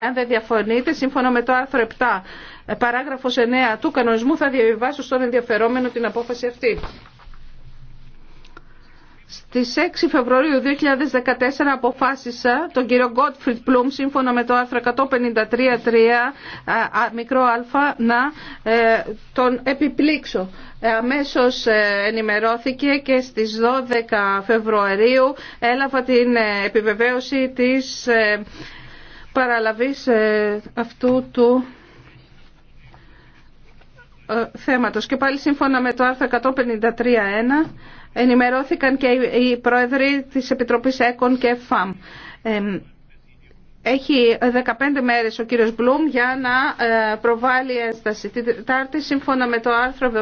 Αν δεν διαφωνείτε, σύμφωνα με το άρθρο 7, παράγραφος 9 του κανονισμού, θα διαβιβάσω στον ενδιαφερόμενο την απόφαση αυτή. Στις 6 Φεβρουαρίου 2014 αποφάσισα τον κύριο Γκότφριντ Πλούμ, σύμφωνα με το άρθρο 153.3 μικρό α, να ε, τον επιπλήξω. Ε, αμέσως ε, ενημερώθηκε και στις 12 Φεβρουαρίου έλαβα την επιβεβαίωση της παραλαβής ε, αυτού του ε, θέματος. Και πάλι σύμφωνα με το άρθρο 153.1 ενημερώθηκαν και οι πρόεδροι της Επιτροπής ΕΚΟΝ και ΦΑΜ. Ε, έχει 15 μέρες ο κύριος Μπλουμ για να προβάλλει ένσταση. Την Τετάρτη, σύμφωνα με το άρθρο